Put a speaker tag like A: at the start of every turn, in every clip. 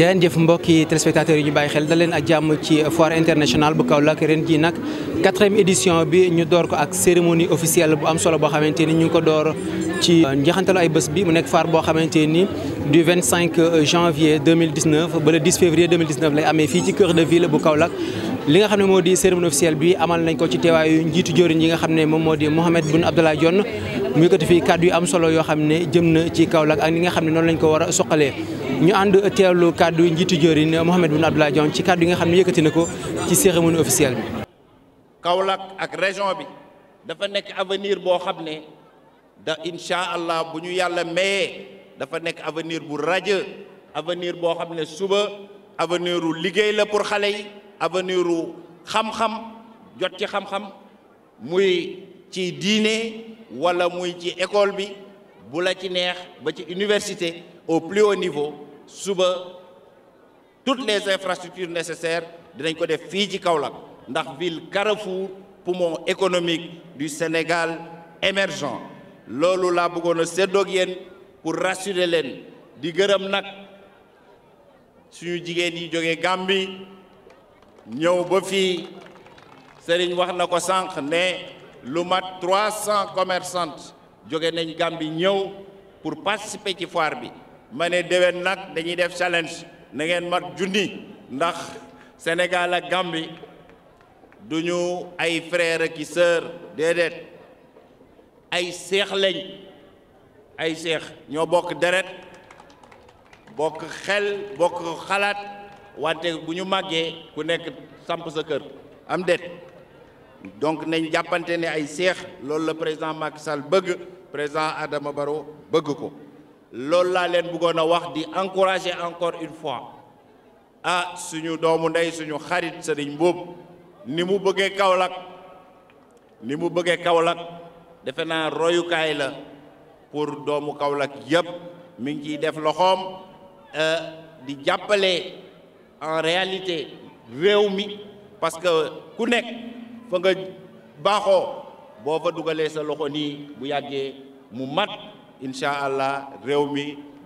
A: jërëjëf jëf mbokki téléspectateurs yi ñu bàyyi xel da leen ak jàmm ci foire internationale bu Kaolack ren ji nag quatrième édition bi ñu door ko ak cérémonie officielle bu am solo boo xamante ni ñu ngi ko door ci euh, njeexantalu ay bés bi mu nekk foire boo xamante ni du 25 euh, janvier 2019 ba le 10 février 2019 lay amee fii ci cœur de ville bu Kaolack li nga xam ne moo di cérémonie officielle bi amal nañ ko ci teewaayu njiitu jëriñ yi nga xam ne moom moo di Mohamed Boun Abdallah Dionne mu yëkkati fii kàddu yu am solo yoo xam ne jëm na ci Kaolack ak ni nga xam ne noonu lañ ko war a soqalee ñu ànd teewlu kàddu njiitu jëriñ Mouhamed Boun Abdallah Dionne ci kàddu yi nga xam ne yëkkati na ko ci cérémonie officielle bi.
B: Kaolack ak raison bi dafa nekk avenir boo xam ne da incha allah bu ñu yàlla mayee dafa nekk avenir bu radieux avenir boo xam ne suba avenir u liggéey la pour xale yi avenir u xam-xam jot ci xam-xam muy ci diine. wala muy ci école bi bu la ci neex ba ci université au plus haut niveau suba toutes les infrastructures nécessaires dinañ ko def fii ci Kaolack ndax ville carrefour poumon économique du Sénégal émergent loolu laa bëggoon a séddoog yéen pour rassurer leen di gërëm nag suñu jigéen yi jógee Gambie ñëw ba fii Serigne wax na ko sànq ne lu mat 300 commerçantes jóge nañ Gàmbi ñëw pour participer ci foire bi ma ne déwén nag dañuy def challenge nangeen mat junni ndax Sénégal ak Gàmbi du ñu ay frère ak i sœur déedéet ay seex lañ ay seex ñoo bokk deret bokk xel bokk xalaat wante bu ñu màggee ku nekk samp sa kër am déet donc nañ jàppante ne ay seex loolu la président Macky Sall bëgg président Adama Barrow bëgg ko loolu laa leen bëggoon a wax di encourager encore une fois ah suñu doomu ndey suñu xarit Serigne Mboup ni mu bëggee Kaolack ni mu bëggee Kaolack defe naa royukaay la pour doomu Kaolack yëpp mu ngi ciy def loxoom euh, di jàppale en réalité réew mi parce que ku nekk. fa nga baaxoo boo fa dugalee sa loxo nii bu yàggee mu mat incha allah réew mi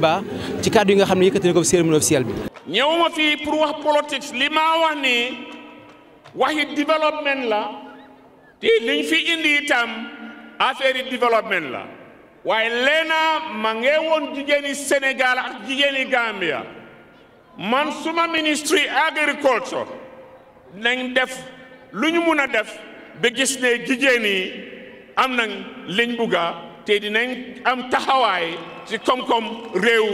A: baa ci kàddu yi nga xam ne yëkkati na ko cérémonie officielle bi.
C: ñëwuma fii pour wax politique li maa wax ni waxi développement la te liñ fi indi itam affaire yi la waaye leena ma ngee woon jigéeni Sénégal ak jigéeni Gambia man suma ministry agriculture nañ def lu ñu mun a def ba gis ne jigéen yi am nañ liñ bugga te dinañ am taxawaay ci koom-koom réew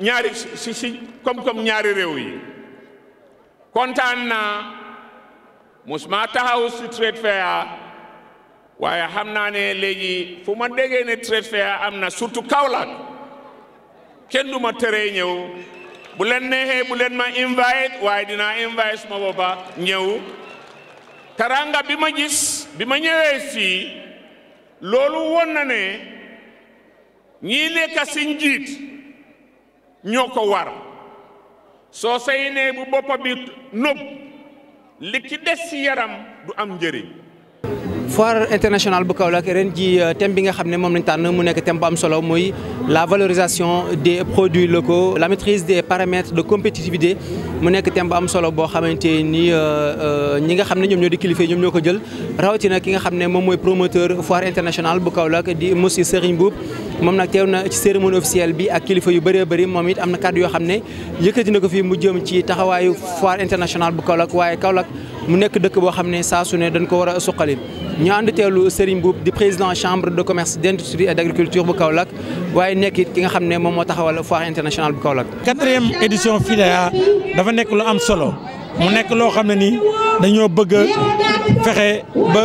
C: ñaari si si koom-koom ñaari réew yi kontaan naa musuma taxaw si trade fair waaye xam naa ne léegi fu ma degee ne trade fair am na surtout Kaolack kenn du ma teree ñëw bu leen neexee bu leen ma invite waaye dinaa invite suma boppa ñëw taranga bi ma gis bi ma ñëwee fii loolu woon na ne ñii nekk si njiit ñoo ko war soo say ne bu boppa bi nëb li des si yaram du am njëriñ
A: foire internationale bu Kaolack ren ji euh, thème bi nga xam ne moom lañ tànn mu nekk thème bu am solo mooy la valorisation des produits locaux la maîtrise des paramètres de compétitivité mu nekk teem bu am solo boo xamante ni euh, euh, ñi nga xam ne ñoom ñoo di kilifa ñoom ñoo ko jël rawatina ki nga xam ne moom mooy promoteur foire internationale bu Kaolack di Monsieur Serigne Mboup moom nag teew na ci cérémonie officielle bi ak kilifa yu bëree bëri moom it am na kàddu yoo xam ne yëkkati na ko fii mu jëm ci taxawaayu foire internationale bu Kaolack waaye Kaolack mu nekk dëkk boo xam ne saa su ne dañ ko war a suqali ñu ànd teelu Serigne Mboup di président chambre de commerce d'industrie et d'agriculture bu Kaolack waaye nekk it ki nga xam ne moom moo taxawal foire internationale bu Kaolack.
D: quatrième édition FIDEA dafa nekk lu am solo. mu nekk loo xam ne nii dañoo bëgg a fexe ba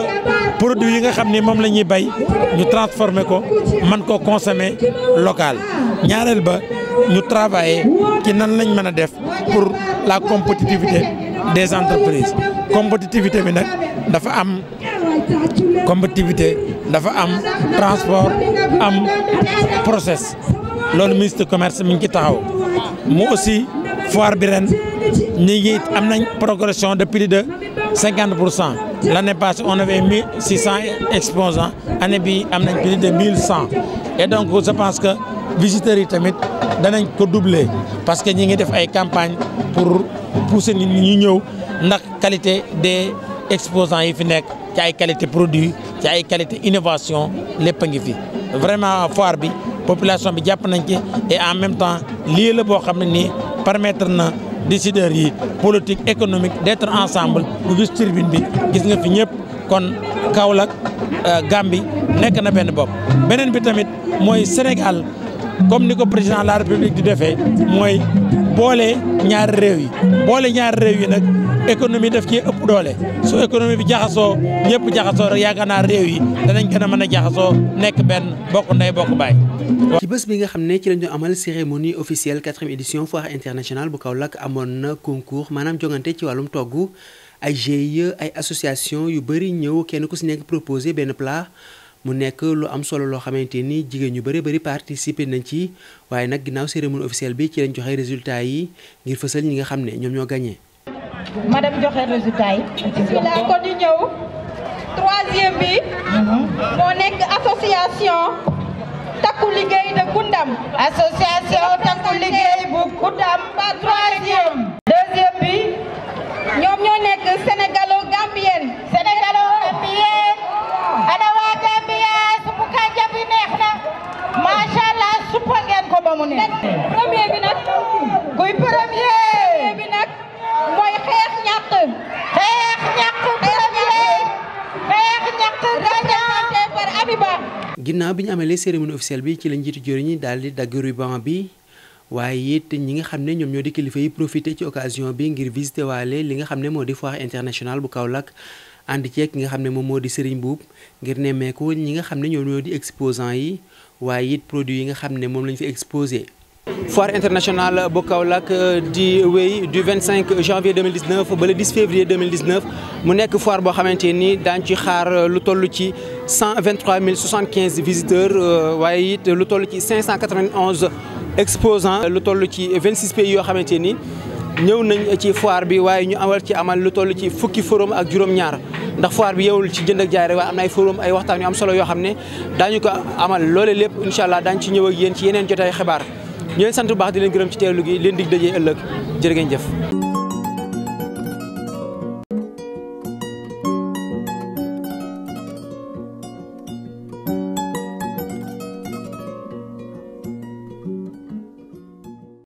D: produit yi nga xam ni moom la ñuy bay ñu transformer ko man koo consommer local ñaareel ba ñu travailler ci nan lañ mën a def pour la compétitivité des entreprises compétitivité bi nag dafa am compétitivité dafa am transport am process loolu ministre commerce mi ngi ci taxaw mu aussi foire bi ren ñi ngi am nañ progression de plus de cinquante pour cent l' année passée on avait mille six cent exposants année bi am nañ plus de mille cent et donc je pense que visiteurs yi tamit danañ ko doubler parce que ñi ngi def ay campagne pour pousser nit ñi ñu ñëw ndax qualité des exposants yi fi nekk ci ay qualité produit ci ay qualité innovation lépp a ngi fi vraiment foire bi population bi jàpp nañ ci et en même temps lii boo xam ne nii permettre na décideurs yi politique économique d'être ensemble bu gis tribune bi gis nga fi ñëpp kon Kaolack euh, Gambie nekk na benn bop beneen bi tamit mooy Sénégal comme ni ko président la république di defee mooy boole ñaari réew yi boole ñaari réew yi nag économie def cee ëpp doole su économie bi jaxasoo ñëpp jaxasoo rek yaakaar naa réew yi danañ gën a mën a jaxasoo nekk benn bokk ndey bokk baay.
A: ci bés bi nga xam ne ci lañu amal cérémonie officielle quatrième édition foire internationale bu kaw Kaolack amoon na concours maanaam jongante ci wàllum togg ay GIE ay association yu bëri ñëw kenn ku si nekk proposé benn plat. mu nekk lu am solo loo xamante ni jigéen ñu bëri bëri participer nañ ci waaye nag ginnaaw cérémonie officielle bi ci lañ joxe résultat yi ngir fësal ñi nga xam ne ñoom ñoo gagné. madame joxe résultat yi. bismillah kon ñu ñëw. troisième bi. Mhm. moo
B: nekk association. takku liggéey de Gundam. association takku liggéey bu Gundam. par troisième. deuxième bi. ñoom ñoo nekk sénégalo gambienne. sénégalo gambienne. ana waa Gambia bi neex na. macha allah suppu ko ba mu neex.
A: ginnaaw bi ñu amalee cérémonie officielle bi ci la njiitu jori ñi daal di dagg ruban bi waaye it ñi nga xam ne ñoom ñoo di kilifa yi profité ci occasion bi ngir visité li nga xam ne moo di foire internationale bu Kaolack ànd ci ak ki nga xam ne moom moo di Serigne Boub ngir nemmeeku ñi nga xam ne ñoom ñoo di exposant yi waaye it produit yi nga xam ne moom lañ fi exposé. foire internationale bu Kaolack euh, di wéy du 25 janvier 2019 ba le 10 février 2019 mu nekk foire boo xamante ni daañu ci xaar lu toll ci. cent vingt mille 123 075 visiteurs euh, waaye it lu toll ci 591 exposants lu toll ci vingt 26 pays yoo xamante ni ñëw nañ ci foire bi waaye ñu amal ci amal lu toll ci fukki forum ak juróom-ñaar ndax foire bi yewul ci jënd ak waaye am na ay forum ay waxtaan yu am solo yoo xam ne daañu ko amal loole lépp incha allah daañu ci ñëw ak yéen ci yeneen jotaay xibaar ñu leen sant baax di leen gërëm ci teewlu gi leen dig dajee ëllëg jërë ngeen jëf.